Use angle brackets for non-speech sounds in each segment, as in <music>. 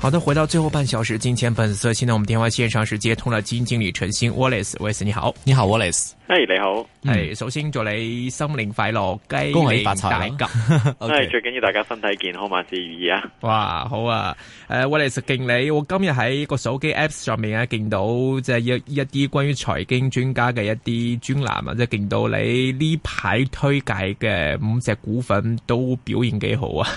好的，回到最後半小時金錢本色，現在我們電話線上是接通了基金經理陳昕 Wallace，Wallace 你好，你好 Wallace，誒你好，嗯、首先祝你新年快樂，恭喜發財，係、 <laughs> okay、最緊要大家身體健康萬事如意啊！哇好啊，誒 Wallace 敬你，我今日喺個手機 Apps 上面啊，見到即係一一啲關於財經專家嘅一啲專欄啊，即係見到你呢排推介嘅五隻股份都表現幾好啊！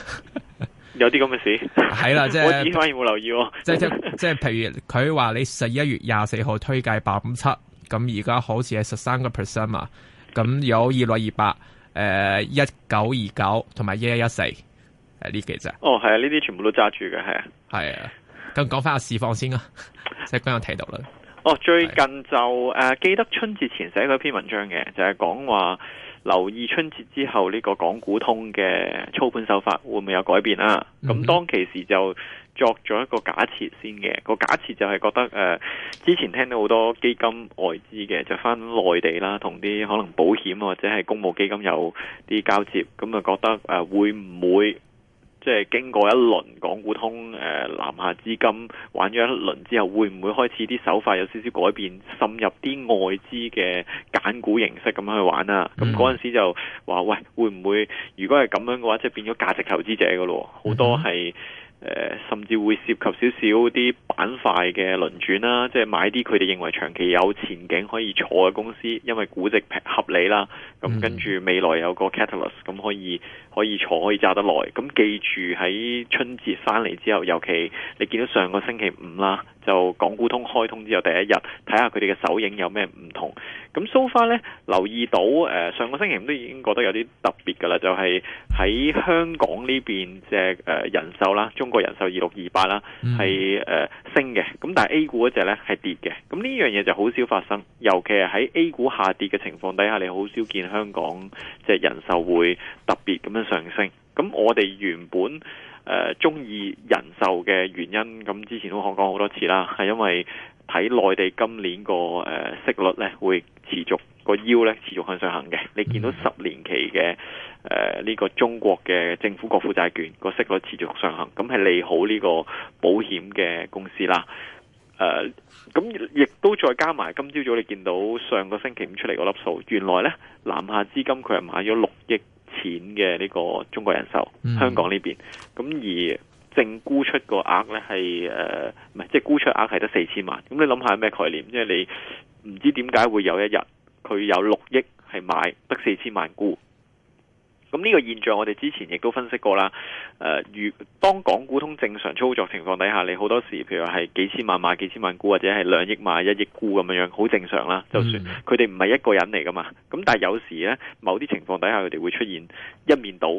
有啲咁嘅事，係 <laughs> 啦，即係我依家冇留意喎。即係即係即係，譬、就是就是、如佢話你十一月廿四號推介八五七，咁而家好似係十三個 percent 啊，咁有二六二八、誒一九二九同埋一一一四，係呢幾隻。哦，係啊，呢啲全部都揸住嘅，係啊，係啊。咁講翻下市況先啊，即係剛有提到啦。哦，最近就誒、啊、記得春節前寫過一篇文章嘅，就係講話，留意春節之後呢個港股通嘅操盤手法會唔會有改變啊？咁當其時就作咗一個假設先嘅，個假設就係覺得誒、呃，之前聽到好多基金外資嘅，就返內地啦，同啲可能保險或者係公募基金有啲交接，咁就覺得誒、呃、會唔會？即係經過一輪港股通誒、呃、南下資金玩咗一輪之後，會唔會開始啲手法有少少改變，滲入啲外資嘅揀股形式咁樣去玩啦、啊？咁嗰陣時就話：喂，會唔會如果係咁樣嘅話，即係變咗價值投資者㗎咯？好多係。嗯嗯甚至會涉及少少啲板塊嘅輪轉啦，即係買啲佢哋認為長期有前景可以坐嘅公司，因為估值合理啦。咁跟住未來有個 catalyst，咁可以可以坐，可以揸得耐。咁記住喺春節翻嚟之後，尤其你見到上個星期五啦，就港股通開通之後第一日，睇下佢哋嘅首映有咩唔同。咁 so far 咧，留意到誒、呃、上個星期都已經覺得有啲特別㗎啦，就係、即係、喺香港呢邊隻誒人壽啦，中國人壽二六二八啦，係、呃、誒升嘅。咁但係 A 股嗰隻咧係跌嘅。咁呢樣嘢就好少發生，尤其係喺 A 股下跌嘅情況底下，你好少見香港即係人壽會特別咁樣上升。咁我哋原本。誒、呃，中意人壽嘅原因，咁之前都講過好多次啦，係因為睇內地今年個誒、呃、息率咧會持續個腰咧持續向上行嘅。你見到十年期嘅誒呢個中國嘅政府國庫債券個息率持續上行，咁係利好呢個保險嘅公司啦。誒、呃，咁亦都再加埋，今朝早你見到上個星期五出嚟個粒數，原來咧南下資金佢係買咗六億。錢嘅呢個中國人壽、嗯、香港呢邊，咁而淨沽出個額呢，係誒，唔係即係沽出額係得四千萬。咁你諗下咩概念？即係你唔知點解會有一日佢有六億係買得四千萬沽。咁、這、呢個現象，我哋之前亦都分析過啦。誒、呃，如當港股通正常操作情況底下，你好多時，譬如係幾千萬買幾千萬股，或者係兩億買一億股咁樣好正常啦。就算佢哋唔係一個人嚟噶嘛。咁但係有時呢某啲情況底下，佢哋會出現一面倒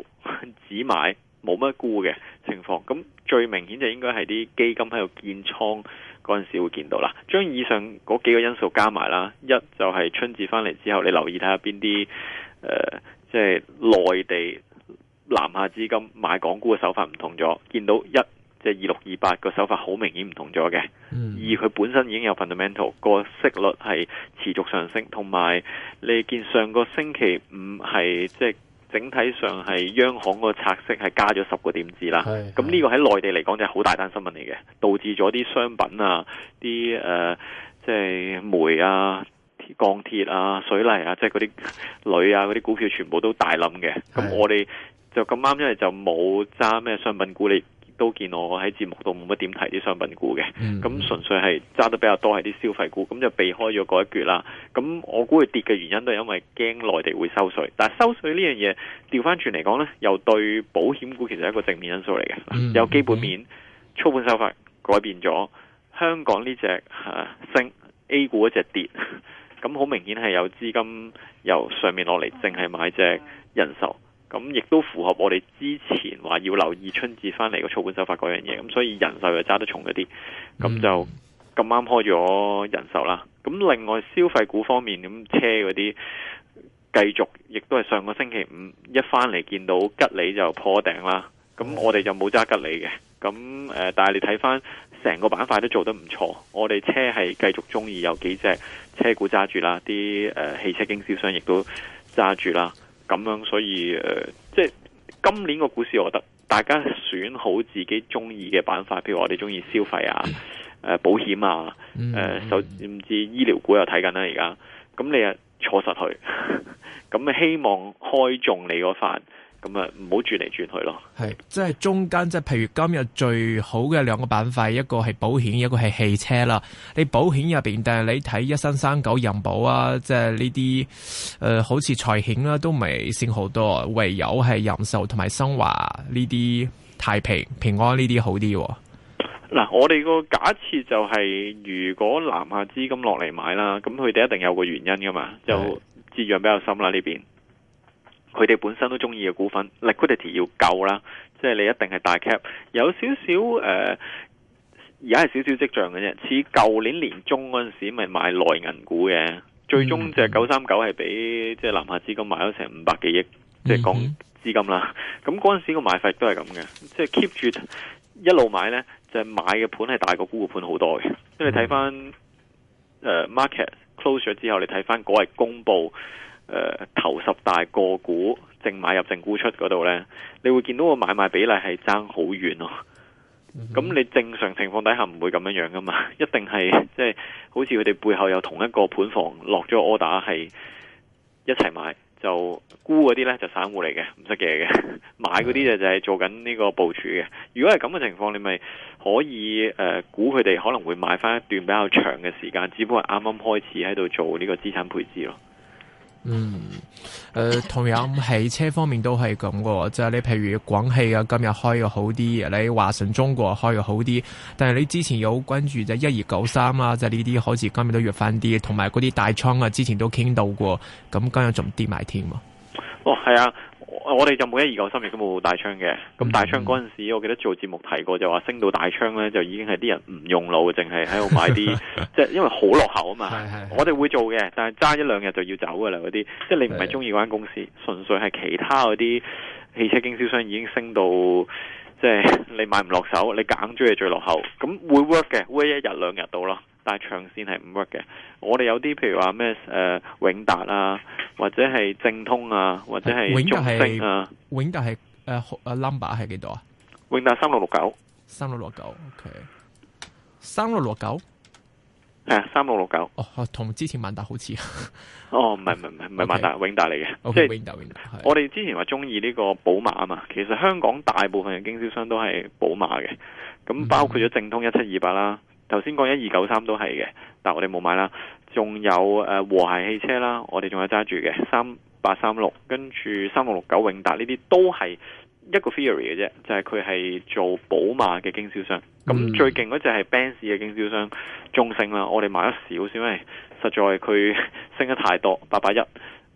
只買冇乜股嘅情況。咁最明顯就應該係啲基金喺度建倉嗰陣時會見到啦。將以上嗰幾個因素加埋啦，一就係春節返嚟之後，你留意睇下邊啲誒。呃即係內地南下資金買港股嘅手法唔同咗，見到一即係二六二八個手法好明顯唔同咗嘅。二、嗯、佢本身已經有 fundamental 個息率係持續上升，同埋你見上個星期五係即係整體上係央行個拆息係加咗十個點子啦。咁呢個喺內地嚟講就係好大單新聞嚟嘅，導致咗啲商品啊，啲誒即係煤啊。鋼鐵啊、水泥啊，即係嗰啲鋁啊，嗰啲股票全部都大冧嘅。咁我哋就咁啱，因為就冇揸咩商品股，你都見我喺節目度冇乜點提啲商品股嘅。咁、嗯、純粹係揸得比較多係啲消費股，咁就避開咗嗰一橛啦。咁我估佢跌嘅原因都係因為驚內地會收稅。但係收稅呢樣嘢調翻轉嚟講呢，又對保險股其實係一個正面因素嚟嘅、嗯，有基本面、操盤手法改變咗，香港呢隻、啊、升，A 股嗰隻跌。咁好明顯係有資金由上面落嚟，淨係買隻人壽，咁亦都符合我哋之前話要留意春節翻嚟個操盤手法嗰樣嘢。咁所以人壽就揸得重一啲，咁就咁啱開咗人壽啦。咁另外消費股方面，咁車嗰啲繼續，亦都係上個星期五一翻嚟見到吉利就破頂啦。咁我哋就冇揸吉利嘅。咁、呃、但係你睇翻，成個板塊都做得唔錯，我哋車係繼續中意有幾隻車股揸住啦，啲誒汽車經銷商亦都揸住啦，咁樣所以誒、呃、即係今年個股市，我覺得大家選好自己中意嘅板塊，譬如我哋中意消費啊，誒保險啊，誒甚至醫療股又睇緊啦而家，咁你啊坐實佢，咁希望開中你嗰份。咁啊，唔好轉嚟轉去咯。係，即係中間，即係譬如今日最好嘅兩個板塊，一個係保險，一個係汽車啦。你保險入邊，但係你睇一三三九人保啊，即係呢啲，誒、呃，好似財險啦，都未升好多，唯有係人壽同埋新華呢啲太平、平安呢啲好啲。嗱，我哋個假設就係、是、如果南下資金落嚟買啦，咁佢哋一定有個原因噶嘛，是就折讓比較深啦呢邊。佢哋本身都中意嘅股份，liquidity 要夠啦，即係你一定係大 cap，有少少，呃，而家係少少跡象嘅啫。似舊年年中嗰陣時，咪買內銀股嘅，最終即係九三九係俾即係南下資金買咗成五百幾億，即係講資金啦。咁嗰陣時個買法都係咁嘅，即係 keep 住一路買呢，就係買嘅盤係大過沽股盤好多嘅。因為你睇翻 market close 咗之後，你睇翻嗰日公布。誒、呃，頭十大個股淨買入淨沽出嗰度呢，你會見到個買賣比例係爭好遠咯。咁你正常情況底下唔會咁樣樣噶嘛，一定係即係好似佢哋背後有同一個盤房落咗 order 係一齊買，就沽嗰啲呢，就散戶嚟嘅，唔識嘢嘅，買嗰啲就係係做緊呢個部署嘅。如果係咁嘅情況，你咪可以誒、呃、估佢哋可能會買翻一段比較長嘅時間，只不過係啱啱開始喺度做呢個資產配置咯。嗯，誒、呃，同樣喺 <laughs> 車方面都係咁嘅，即係你譬如廣汽啊，今日開嘅好啲，你華晨中國開嘅好啲，但係你之前有關注就一二九三啊，即係呢啲好似今日都弱翻啲，同埋嗰啲大倉啊，之前都傾到過，咁今日仲跌埋添喎。哦，係啊。我哋就冇一二九三亦都冇大昌嘅，咁大昌嗰陣時，我記得做節目提過，就話升到大昌咧，就已經係啲人唔用腦，淨係喺度買啲，即 <laughs> 係因為好落後啊嘛。是是是我哋會做嘅，但係揸一兩日就要走噶啦嗰啲，即係你唔係中意嗰間公司，純粹係其他嗰啲汽車經銷商已經升到，即係你買唔落手，你揀咗係最落後，咁會 work 嘅，會一日兩日到咯。但係長線係唔 work 嘅，我哋有啲譬如話咩誒永達啊，或者係正通啊，或者係永達永達係誒誒 number 係幾多啊？永達三六六九，三六六九，ok，三六六九係三六六九哦，同之前萬達好似哦，唔係唔係唔係萬達永達嚟嘅，即係永達永達。我哋之前話中意呢個寶馬啊嘛，其實香港大部分嘅經銷商都係寶馬嘅，咁包括咗正通一七二八啦。頭先講一二九三都係嘅，但係我哋冇買啦。仲有誒、呃、和諧汽車啦，我哋仲有揸住嘅三八三六，3836，跟住三六六九永達呢啲都係一個 theory 嘅啫，就係佢係做寶馬嘅經銷商。咁最勁嗰隻係奔馳嘅經銷商中升啦，我哋買得少，少，因為實在佢升得太多八八一，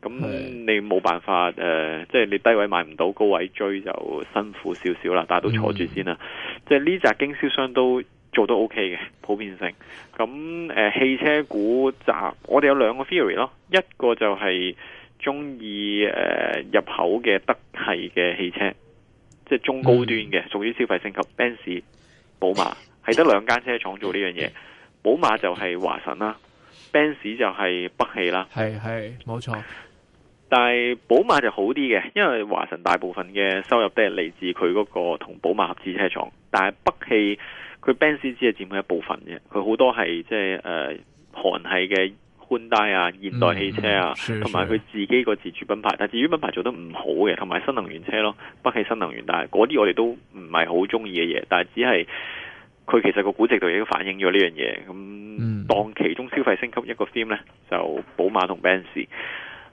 咁你冇辦法誒，即係、呃就是、你低位買唔到高位追就辛苦少少啦。但係都坐住先啦，嗯、即係呢隻經銷商都，做都 OK 嘅普遍性咁、呃，汽車股咋，我哋有兩個 theory 咯，一個就係鍾意入口嘅德系嘅汽車，即係中高端嘅屬於消費升級，Benz、寶馬係得兩間車廠做呢樣嘢，寶 <coughs> 馬就係華晨啦，Benz 就係北汽啦，係係冇錯，但係寶馬就好啲嘅，因為華晨大部分嘅收入都係嚟自佢嗰個同寶馬合資車廠，但係北汽。佢 Benz 只係佔佢一部分嘅，佢好多係即係誒韓系嘅寬帶啊、現代汽車啊，同埋佢自己個自主品牌。但至於品牌做得唔好嘅，同埋新能源車咯，北汽新能源，但係嗰啲我哋都唔係好中意嘅嘢。但只係佢其實個估值度已經反映咗呢樣嘢。咁、嗯嗯、當其中消費升級一個 theme 咧，就寶馬同 Benz。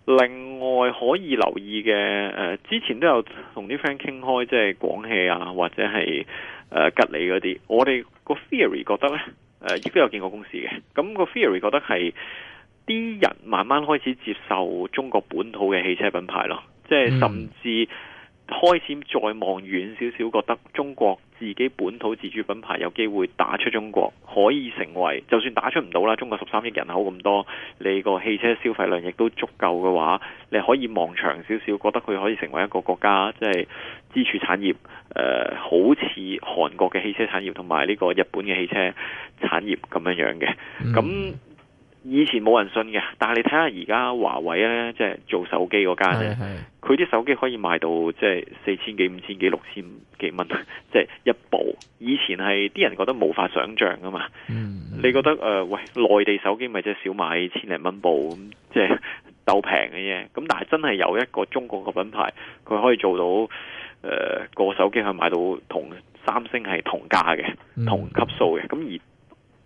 另外可以留意嘅，誒、呃、之前都有同啲 friend 傾開，即係廣汽啊，或者係、呃、吉利嗰啲，我哋個 theory 覺得呢，亦、呃、都有見過公司嘅，咁、那個 theory 覺得係啲人慢慢開始接受中國本土嘅汽車品牌咯，即係甚至。開始再望遠少少，覺得中國自己本土自主品牌有機會打出中國，可以成為就算打出唔到啦，中國十三億人口咁多，你個汽車消費量亦都足夠嘅話，你可以望長少少，覺得佢可以成為一個國家，即係支柱產業。呃，好似韓國嘅汽車產業同埋呢個日本嘅汽車產業咁樣樣嘅，咁，嗯。以前冇人信嘅，但係你睇下而家華為咧，即係做手機嗰間咧，佢啲手機可以賣到即係四千幾、五千幾、六千幾蚊，即係一部。以前係啲人覺得無法想象噶嘛。嗯、你覺得誒、呃，喂，內地手機咪即係少買千零蚊部咁，即係鬥平嘅啫。咁但係真係有一個中國嘅品牌，佢可以做到誒個、呃、手機去買到同三星係同價嘅、同級數嘅。咁、嗯、而、嗯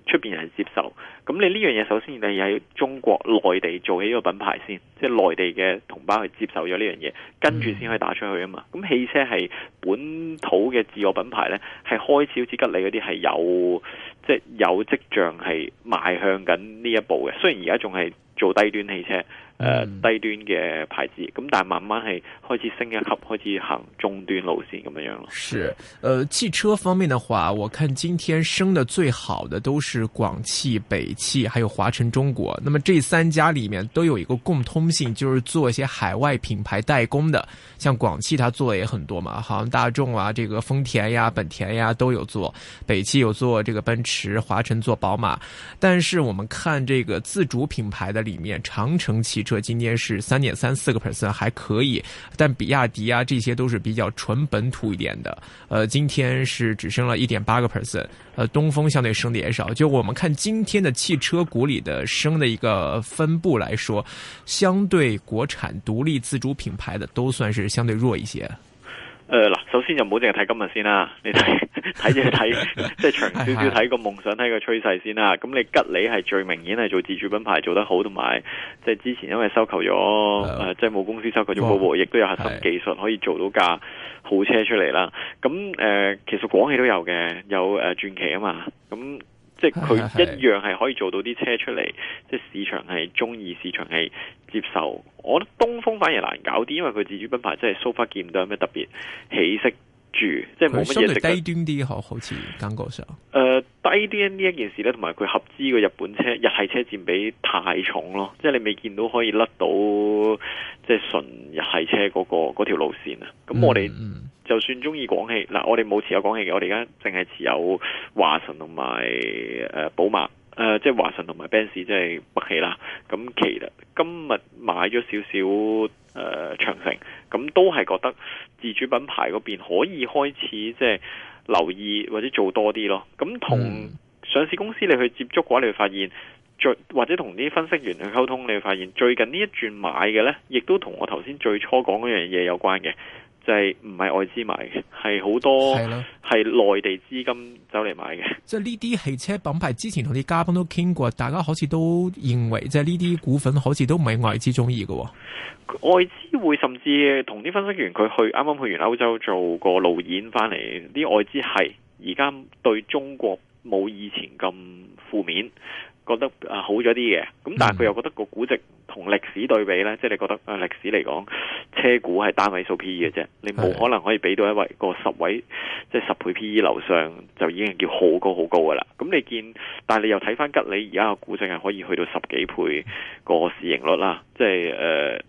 出面人接受，咁你呢樣嘢首先你喺中國內地做起呢個品牌先，即係內地嘅同胞去接受咗呢樣嘢，跟住先可以打出去啊嘛。咁汽車係本土嘅自我品牌咧，係開始好似吉利嗰啲係有，即係有跡象係邁向緊呢一步嘅。雖然而家仲係做低端汽車。呃，低端的牌子，咁但係慢慢係開始升一級，開始行中端路線咁樣樣咯。是，呃，汽車方面的話，我看今天升得最好的都是廣汽、北汽，還有華晨中國。那麼這三家裏面都有一個共通性，就是做一些海外品牌代工的。像廣汽，它做的也很多嘛，好像大眾啊，這個豐田呀、本田呀都有做。北汽有做這個奔馳，華晨做寶馬。但是我們看這個自主品牌的裏面，長城汽。這今天是三點三四個 percent 還可以，但比亞迪啊，這些都是比較純本土一點的，呃，今天是只升了一點八個 percent，呃，東風相對升的也少。就我們看今天的汽車股裏的升的一個分布來說，相對國產獨立自主品牌的都算是相對弱一些。呃，嗱，首先就唔好淨係睇今日先啦，啊，你睇。睇就睇，即、就、係、是、長少少睇個夢想，睇 <laughs> 個趨勢先啦。咁你吉利係最明顯係做自主品牌做得好，同埋即係之前因為收購咗誒，債 <laughs> 冇、呃就是、公司收購咗個沃爾沃，亦都有核心技術可以做到架好車出嚟啦。咁 <laughs> 誒、呃，其實廣汽都有嘅，有誒，傳、啊、奇啊嘛。咁即係佢一樣係可以做到啲車出嚟，即 <laughs> 係市場係中意，市場係接受。我覺得東風反而難搞啲，因為佢自主品牌即係 so far 見唔到有咩特別起色。住即係冇乜嘢，相對低端啲，可好似感覺上。誒、呃，低端呢一件事咧，同埋佢合資個日本車日系車佔比太重咯，即係你未見到可以甩到即係純日系車嗰、那個嗰條路線啊。咁我哋就算中意廣汽，嗱、嗯，我哋冇持有廣汽嘅，我哋而家淨係持有華晨同埋誒寶馬，誒、呃，即係華晨同埋奔馳即係北汽啦。咁其實今日買咗少少誒、呃、長城，咁都係覺得。自主品牌嗰邊可以開始即係留意或者做多啲咯。咁同上市公司你去接觸嘅話，你會發現最或者同啲分析員去溝通，你會發現最近呢一轉買嘅咧，亦都同我頭先最初講嗰樣嘢有關嘅。就係唔係外資買嘅，係好多係咯，係內地資金走嚟買嘅。即係呢啲汽車品牌之前同啲嘉賓都傾過，大家好似都認為，即係呢啲股份好似都唔係外資中意嘅。外資會甚至同啲分析員佢去啱啱去完歐洲做個路演翻嚟，啲外資係而家對中國冇以前咁負面。覺得啊好咗啲嘅，咁但係佢又覺得個估值同歷史對比呢。即、嗯、係你覺得啊、呃、歷史嚟講，車股係單位數 P E 嘅啫，你冇可能可以俾到一位個十位即係、就是、十倍 P E 樓上，就已經係叫好高好高噶啦。咁你見，但係你又睇翻吉利而家個估值係可以去到十幾倍個市盈率啦，即係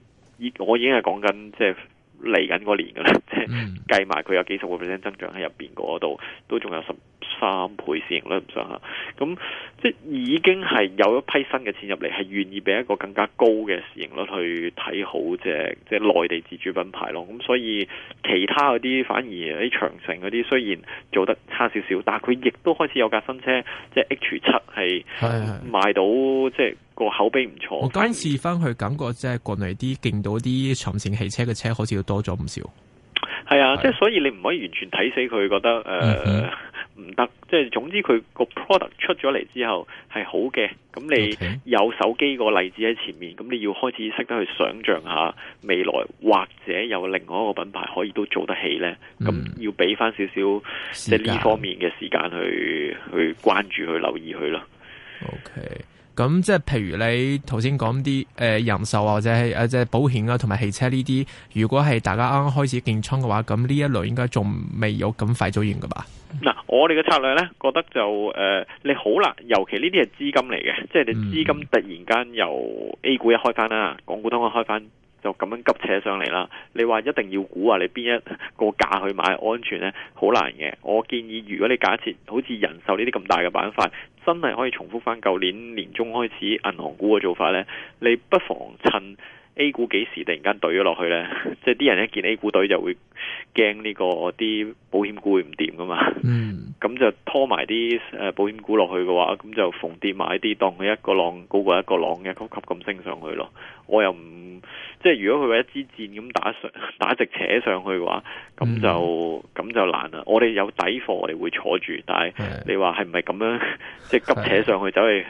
誒，我已經係講緊即係嚟緊嗰年噶啦，即、就、係、是、計埋佢有幾十個 percent 增長喺入面嗰度，都仲有十三倍市盈率咁上下，咁即係已經係有一批新嘅錢入嚟，係願意俾一個更加高嘅市盈率去睇好，即係即係內地自主品牌咯。咁所以其他嗰啲反而喺長城嗰啲，雖然做得差少少，但係佢亦都開始有架新車，即係 H 七，係賣到是是是即係個口碑唔錯。我今次翻去感覺即係國內啲見到啲長城汽車嘅車好似要多咗唔少，係啊，即係所以你唔可以完全睇死佢，覺得誒。呃是是唔得，即係總之佢個 product 出咗嚟之後係好嘅，咁你有手機個例子喺前面，咁你要開始識得去想象下未來，或者有另外一個品牌可以都做得起咧，咁、嗯、要俾翻少少即係呢方面嘅時間去時間去關注去留意佢咯。OK。咁即係譬如你頭先講啲誒人壽啊或者係誒即係保險啊同埋汽車呢啲，如果係大家啱啱開始建倉嘅話，咁呢一類應該仲未有咁快走完噶吧？嗱、呃，我哋嘅策略咧，覺得就誒、呃、你好難，尤其呢啲係資金嚟嘅，即係你資金突然間由 A 股一開翻啦，港股通一開翻就咁樣急扯上嚟啦。你話一定要估啊，你邊一個價去買安全咧，好難嘅。我建議如果你假設好似人壽呢啲咁大嘅板塊。真係可以重複翻舊年年中開始銀行股嘅做法咧，你不妨趁 A 股幾時突然間懟咗落去咧，即係啲人一見 A 股懟就會。驚呢、這個啲保險股會唔掂噶嘛？咁、嗯、就拖埋啲誒保險股落去嘅話，咁就逢跌買啲，當佢一個浪高過一個浪，一級級咁升上去咯。我又唔即係，如果佢話一支箭咁打上，打直扯上去嘅話，咁就咁、嗯、就難啦。我哋有底貨，我哋會坐住，但係你話係唔係咁樣，即係急扯上去走去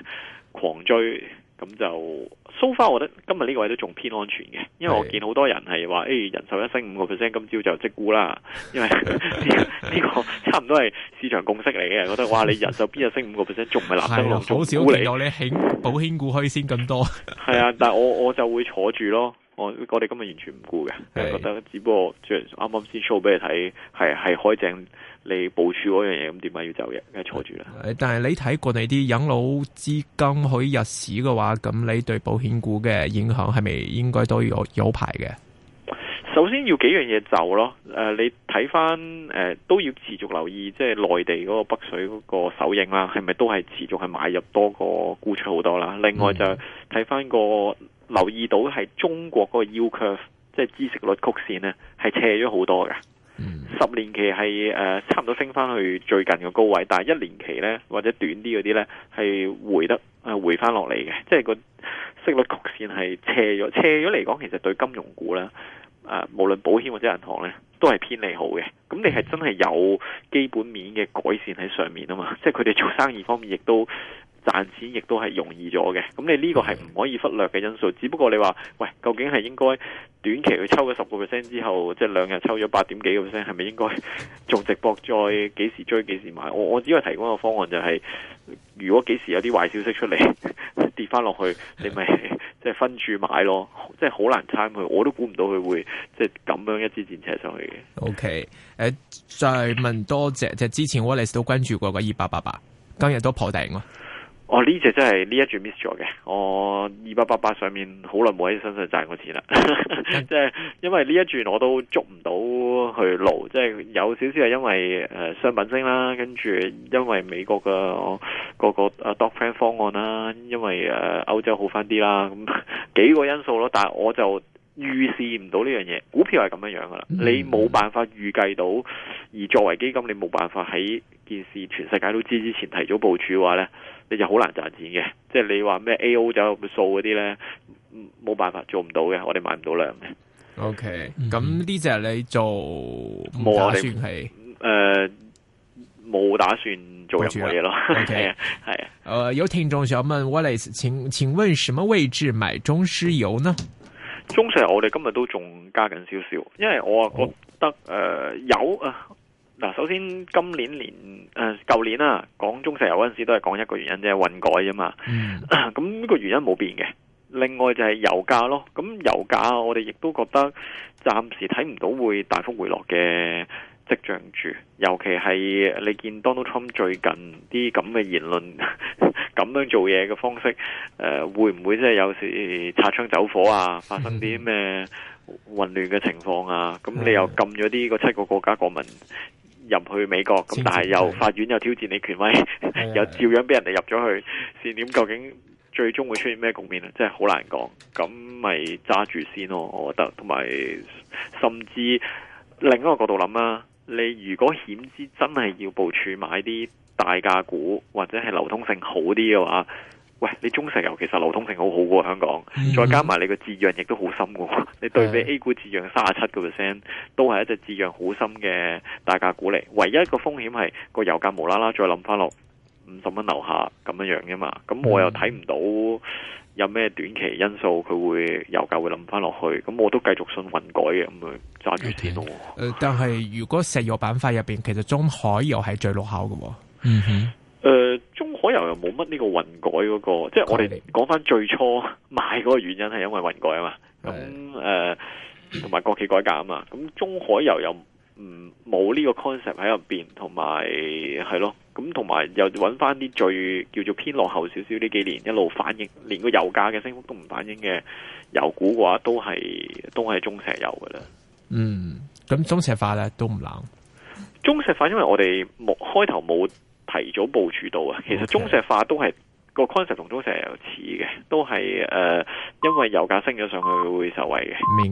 狂追。咁就 so far 我覺得今日呢個位都仲偏安全嘅，因為我見好多人係話誒，人壽一升五個 percent，今朝就即沽啦，因為呢 <laughs> <laughs> 個差唔多係市場共識嚟嘅，覺得哇，你人壽邊一升五個 percent，仲唔係難登？係啊，好少嚟到咧，保險股可以先咁多。係 <laughs> 啊，但係我我就會坐住咯，我我哋今日完全唔沽嘅，我覺得只不過即係啱啱先 show 俾你睇，係係開正。你部署嗰樣嘢，咁點解要走嘅？梗係坐住啦。但係你睇過你啲養老資金去入市嘅話，咁你對保險股嘅影響係咪應該都要有，有排嘅？首先要幾樣嘢走咯。誒、呃，你睇翻誒，都要持續留意，即係內地嗰個北水嗰個首映啦，係咪都係持續係買入多過沽出好多啦、嗯？另外就睇翻、那個留意到係中國嗰個 U curve 即係知識率曲線呢，係斜咗好多嘅。十年期係、呃、差唔多升翻去最近嘅高位，但係一年期呢，或者短啲嗰啲呢，係回得回翻落嚟嘅，即係個息率曲線係斜咗斜咗嚟講，其實對金融股啦無、呃、無論保險或者銀行呢，都係偏利好嘅。咁你係真係有基本面嘅改善喺上面啊嘛，即係佢哋做生意方面亦都。賺錢亦都係容易咗嘅，咁你呢個係唔可以忽略嘅因素。只不過你話，喂，究竟係應該短期去抽咗十個 percent 之後，即、就、係、是、兩日抽咗八點幾個 percent，係咪應該做直播再幾時追幾時買？我我只係提供個方案、就是，就係如果幾時有啲壞消息出嚟 <laughs> 跌翻落去，你咪即係分注買咯。即係好難猜，佢，我都估唔到佢會即係咁樣一支戰車上去嘅。OK，誒，再問多謝，即係之前 Wallace 都關注過嘅二八八八，今日都破頂啊！哦，呢隻真係呢一轉 miss 咗嘅，我二八八八上面好耐冇喺身上賺過錢啦，即 <laughs> 係因為呢一轉我都捉唔到去路，即係有少少係因為誒商品升啦，跟住因為美國嘅各個 doctor friend 方案啦，因為誒歐洲好翻啲啦，咁幾個因素咯，但係我就。預視唔到呢樣嘢，股票係咁樣樣噶啦，你冇辦法預計到，而作為基金，你冇辦法喺件事全世界都知之前提早部署嘅話咧，你就好難賺錢嘅。即係你話咩 A O 走數嗰啲咧，冇辦法做唔到嘅，我哋買唔到量嘅。O K，咁呢隻係你做冇打算係誒，冇、呃、打算做任何嘢咯。係、okay、 <laughs> 啊、係、啊。誒、呃，有聽眾想問 Wallace 請，請問什麼位置買中石油呢？中石油我哋今日都仲加緊少少，因為我啊覺得誒、呃、有啊嗱，首先今年年誒舊、呃、年啦、啊，講中石油嗰陣時都係講一個原因即係、就是、運改啫嘛，咁、嗯、呢、啊、個原因冇變嘅。另外就係油價咯，咁油價我哋亦都覺得暫時睇唔到會大幅回落嘅。即象住，尤其係你見 Donald Trump 最近啲咁嘅言論，咁樣做嘢嘅方式，誒、呃、會唔會即係有時擦槍走火啊？發生啲咩混亂嘅情況啊？咁、嗯、你又禁咗啲個七個國家國民入去美國，咁、嗯、但係又法院又挑戰你權威，嗯、 <laughs> 又照樣俾人哋入咗去，線、嗯、點究竟最終會出現咩局面啊，真係好難講，咁咪揸住先咯，我覺得。同埋甚至另一個角度諗啦～你如果險資真係要部署買啲大價股或者係流通性好啲嘅話，喂，你中石油其實流通性好好、啊、喎，香港，再加埋你個折讓亦都好深嘅喎，你對比 A 股折讓三十七個 percent，都係一隻折讓好深嘅大價股嚟，唯一一個風險係個油價無啦啦再諗翻落五十蚊樓下咁樣樣嘅嘛，咁我又睇唔到。有咩短期因素佢會油價會諗翻落去，咁我都繼續信混改嘅，咁揸住啲咯。但係如果石油板塊入面，其實中海油係最落後嘅。嗯哼、呃。中海油又冇乜呢個混改嗰、那個，即係我哋講翻最初買嗰個原因係因為混改啊嘛。咁同埋國企改革啊嘛。咁中海油又唔冇呢個 concept 喺入面，同埋係咯。咁同埋又揾翻啲最叫做偏落後少少呢幾年一路反應連個油價嘅升幅都唔反應嘅油股嘅話，都係都係中石油嘅啦。嗯，咁中石化咧都唔冷。中石化因為我哋冇開頭冇提早部署到啊，okay. 其實中石化都係個 concept 同中石油似嘅，都係誒、呃、因為油價升咗上去會受惠嘅。